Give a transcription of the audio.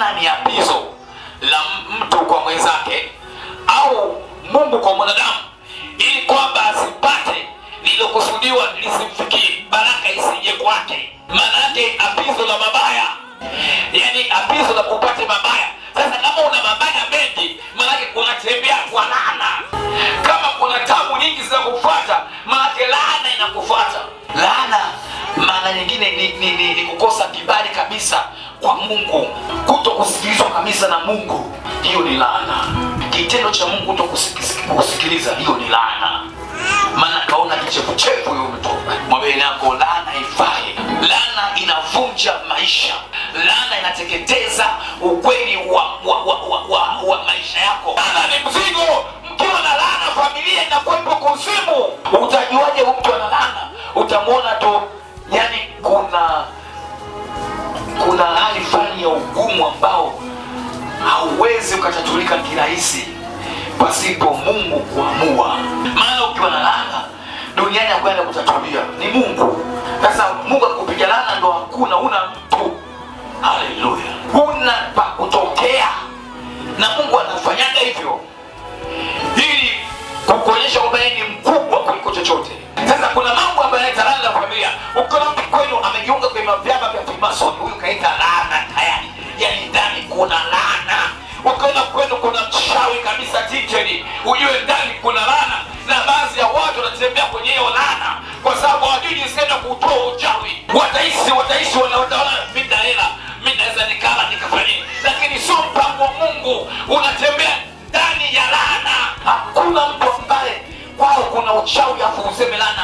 maana ni apizo la mtu kwa mwenzake au Mungu kwa mwanadamu, ili kwamba asipate lilokusudiwa lisimfikie, baraka isije kwake. Maana yake apizo la mabaya, yani apizo la kupate mabaya. Sasa kama una mabaya mengi, maana yake unatembea kwa laana. Kama kuna tabu nyingi zinakufuata, maana yake laana inakufuata. Laana maana nyingine ni, ni, ni, ni kukosa kibali kabisa kwa Mungu. Kuto kusikilizwa kabisa na Mungu, hiyo ni laana. Kitendo cha Mungu kuto kusikiliza, hiyo ni laana. Maana kaona kichefuchefu huyo mtu, mwambie nako laana ifae. Laana inavunja maisha, laana inateketeza ukweli wa, wa, wa, wa, wa, wa maisha yako. Laana ni mzigo. Mkiwa na laana, familia inakuwepo kuzimu. Utajuaje mtu ana laana? Utamwona tu, yani kuna kuna hali fulani ya ugumu ambao hauwezi ukatatulika kirahisi pasipo Mungu kuamua. Maana ukiwa na laana duniani hakuenda kutatulia ni Mungu. Sasa Mungu akupiga laana ndo hakuna una huyu amejiunga kwenye vyama vya kimasoni, huyu kaita laana tayari. Yani ndani kuna laana. Ukiona kwenu kuna mchawi kabisa tikeni, ujue ndani kuna laana, na baadhi ya watu wanatembea kwenye hiyo laana kwa sababu hawajui jinsi gani kutoa uchawi. Wataishi wataishi wanaona mimi na hela, mimi naweza nikala nikafanya, lakini sio mpango wa Mungu. Unatembea ndani ya laana. Hakuna mtu ambaye kwao kuna uchawi afu useme laana